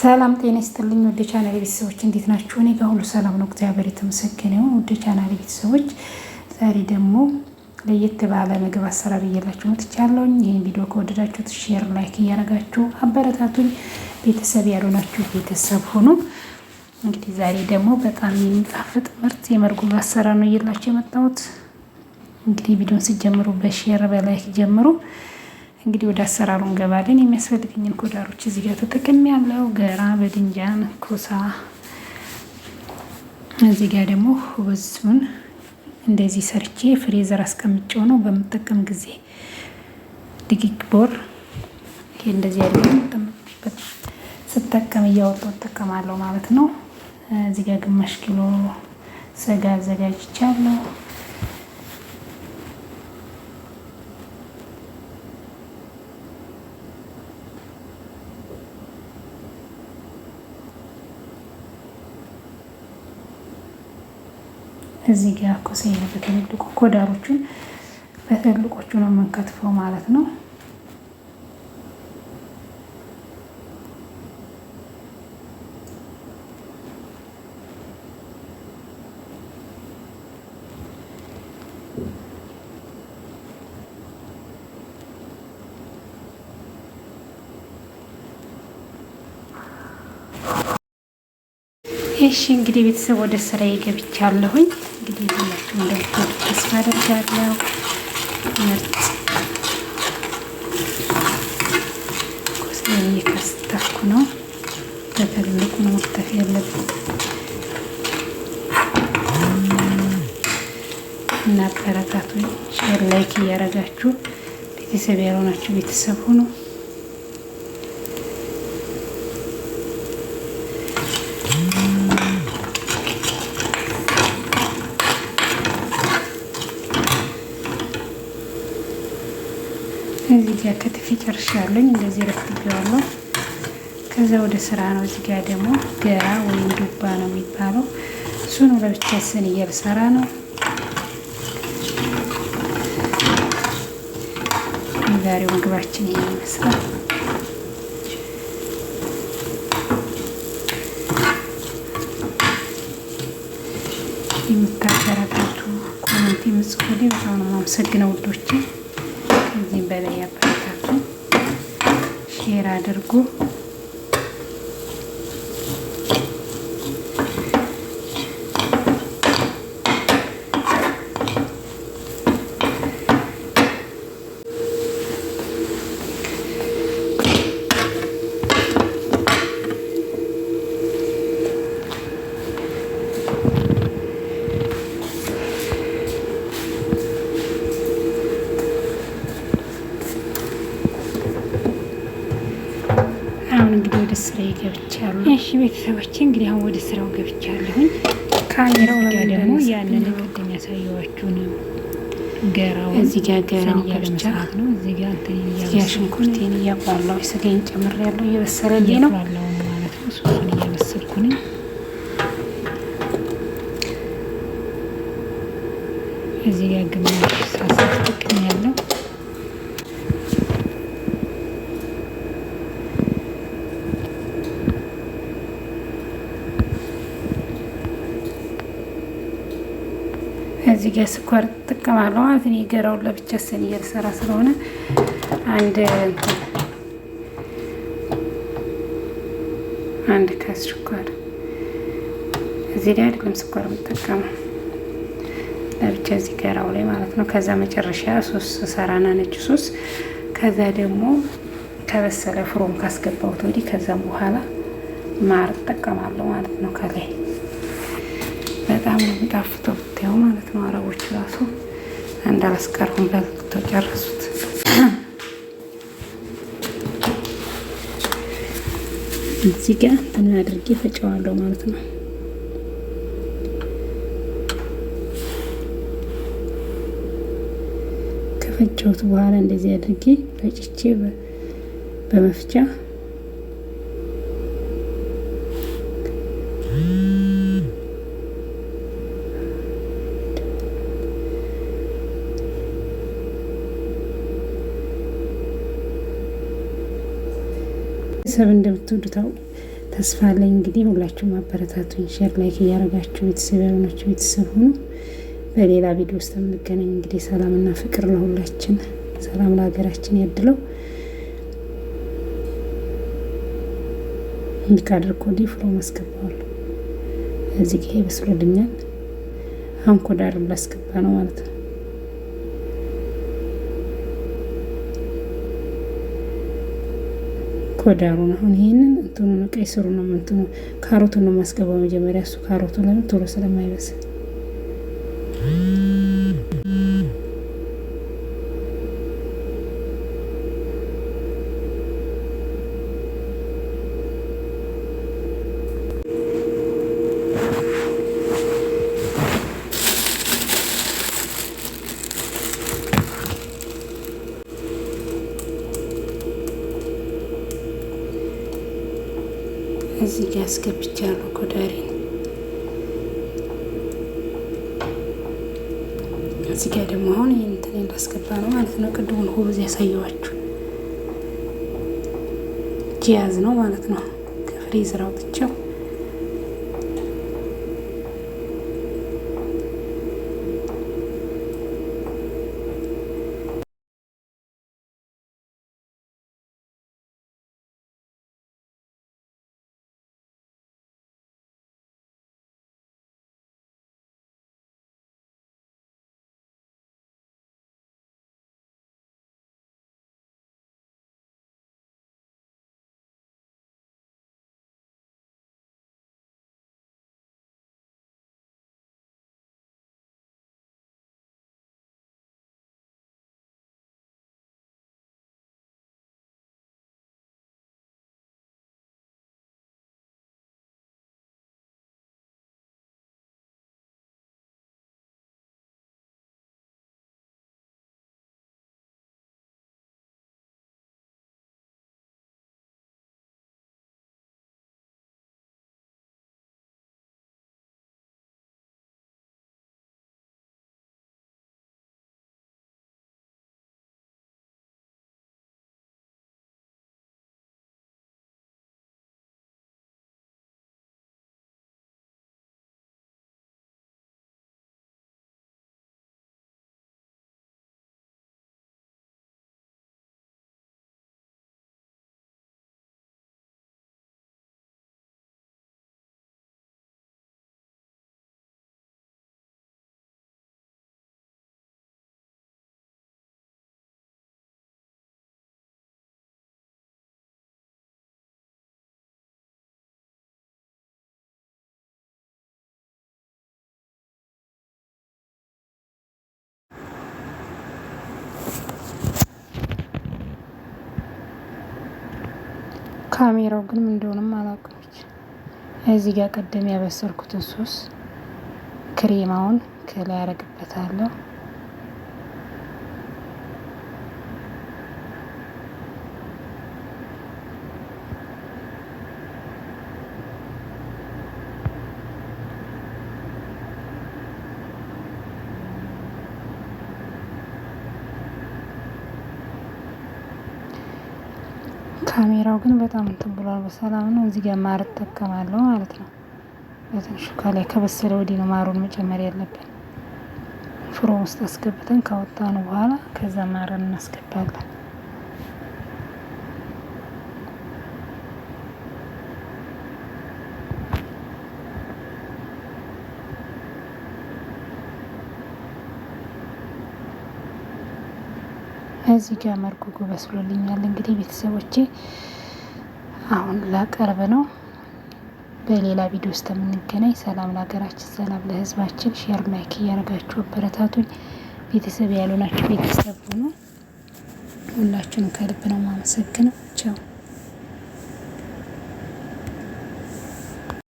ሰላም ጤና ይስጥልኝ። ወደ ቻናል ቤተሰቦች እንዴት ናችሁ? እኔ ጋር ሁሉ ሰላም ነው፣ እግዚአብሔር የተመሰገነው። ወደ ቻናል ቤተሰቦች ዛሬ ደግሞ ለየት ባለ ምግብ አሰራር እየላችሁ መጥቻለሁኝ። ይህን ቪዲዮ ከወደዳችሁት ሼር፣ ላይክ እያደረጋችሁ አበረታቱኝ። ቤተሰብ ያልሆናችሁ ቤተሰብ ሆኑ። እንግዲህ ዛሬ ደግሞ በጣም የሚጣፍጥ ምርት የመርጉ አሰራር ነው እየላችሁ የመጣሁት። እንግዲህ ቪዲዮን ስጀምሩ በሼር በላይክ ጀምሩ። እንግዲህ ወደ አሰራሩ እንገባለን። የሚያስፈልገኝን ኮዳሮች እዚህ ጋር ተጠቅም ያለው ገራ፣ በድንጃን፣ ኮሳ እዚህ ጋር ደግሞ ወዙን እንደዚህ ሰርቼ ፍሬዘር አስቀምጨው ነው በምጠቀም ጊዜ ድግግ ቦር ይሄ እንደዚህ ያለ ስጠቀም እያወጣሁ እጠቀማለሁ ማለት ነው። እዚህ ጋር ግማሽ ኪሎ ስጋ አዘጋጅቻለሁ። እዚህ ጋር ኮሳይን በትልልቁ ኮዳሮቹን በትልልቆቹ ነው የምንከትፈው ማለት ነው። እሺ እንግዲህ ቤተሰብ ወደ ስራ የገብቻለሁኝ። እንግዲህ እንደምትወዱ ተስፋ አደርጋለሁ። ምርጥ እየከስተፍኩ ነው። በትልቁ መክተፍ እና አበረታቶች ላይክ እያረጋችሁ ቤተሰብ ያልሆናችሁ ቤተሰብ ሁኑ። እዚህ ጋር ከትፌ ጨርሻለሁኝ። እንደዚህ ረክቤዋለሁ። ከዛ ወደ ስራ ነው። እዚህ ጋር ደግሞ ገራ ወይም ዱባ ነው የሚባለው። እሱን ለብቻ ስን እየልሰራ ነው። የዛሬው ምግባችን ይሄን ይመስላል። የምታበረታቱ ኮሜንት የምጽፉልኝ በጣም ነው የማመሰግነው ውዶቼ። ከዚህም በላይ ያበረታቱ ሼር አድርጉ። ቤተሰቦቼ እንግዲህ አሁን ወደ ስራው ገብቻለሁኝ። ካሜራው ላይ ደግሞ ያንን ቅድም ያሳየኋችሁ ነው። ገራው እዚህ ጋር ገራው ገብቻለሁ ነው። እዚህ ጋር እንትን እያመሰልኩ ሽንኩርቴን እያባላሁ ስጋዬን ጨምሬያለሁ። እየበሰለልኝ ነው ማለት ነው። እሱን እያመሰልኩ ነኝ። እዚህ ጋር ግማሽ ሳሳት ጥቅም ያለው የስኳር ትጠቀማለሁ ማለት ነው። የገራውን ለብቻ ስን እየተሰራ ስለሆነ አንድ አንድ ካስ ስኳር እዚህ ላይ አይደለም ስኳር የምጠቀመው ለብቻ እዚህ ገራው ላይ ማለት ነው። ከዛ መጨረሻ ሶስት ሰራና ነጭ ሶስ ከዛ ደግሞ ከበሰለ ፍሮም ካስገባሁት ወዲህ ከዛም በኋላ ማር እጠቀማለሁ ማለት ነው ከላይ በጣም ነው የሚጣፍጠው ብታየው ማለት ነው። አረቦች ራሱ እንዳላስቀርሁም በልተው ጨረሱት። እዚህ ጋር እንትን አድርጌ ፈጨዋለሁ ማለት ነው። ከፈጨሁት በኋላ እንደዚህ አድርጌ ፈጭቼ በመፍጫ ቤተሰብ እንደምትወዱ ታው ተስፋ አለኝ። እንግዲህ ሁላችሁም አበረታቱኝ፣ ሼር ላይክ እያደረጋችሁ ቤተሰብ ያሆናችሁ ቤተሰብ ሆኑ። በሌላ ቪዲዮ ውስጥ የምንገናኝ እንግዲህ ሰላምና ፍቅር ለሁላችን፣ ሰላም ለሀገራችን ያድለው። እንዲህ አድርጎ ፍሮ ማስገባዋል። እዚህ ይሄ በስሎልኛል። አንኮ ዳር ላስገባ ነው ማለት ነው። ኮዳሩን አሁን ይህንን እንትኑ ቀይ ስሩ ነው እንትኑ ካሮቱን ነው ማስገባው መጀመሪያ እሱ ካሮቱ ለምን ቶሎ ስለማይበስል እዚህ ላይ አስገብቻለሁ ኮዳሪን እዚህ ጋር ደግሞ አሁን ይህን እንትን እንዳስገባ ነው ማለት ነው። ቅድሙን ሁብዝ ያሳየዋችሁ ጂያዝ ነው ማለት ነው። ከፍሬዘር አውጥቼው ካሜራው ግን ምን እንደሆነም አላውቅም። እዚህ ጋር ቀደም ያበሰርኩትን ሶስ ክሬማውን ከላይ አረግበታለሁ። ካሜራው ግን በጣም እንትን ብሏል። በሰላም ነው። እዚህ ጋር ማር እጠቀማለሁ ማለት ነው። በትንሹ ከላይ ከበሰለ ወዲህ ነው ማሩን መጨመር ያለብን። ፍሮ ውስጥ አስገብተን ካወጣን በኋላ ከዛ ማረን እናስገባለን። በዚህ ጋር መርጎጎ በስሎልኛል። እንግዲህ ቤተሰቦቼ አሁን ላቀርብ ነው። በሌላ ቪዲዮ ውስጥ የምንገናኝ። ሰላም ለሀገራችን፣ ሰላም ለህዝባችን ሼር ላይክ እያደረጋችሁ አበረታቱኝ። ቤተሰብ ያሉናችሁ ቤተሰብ ሆኖ ሁላችሁንም ከልብ ነው ማመሰግነው። ቻው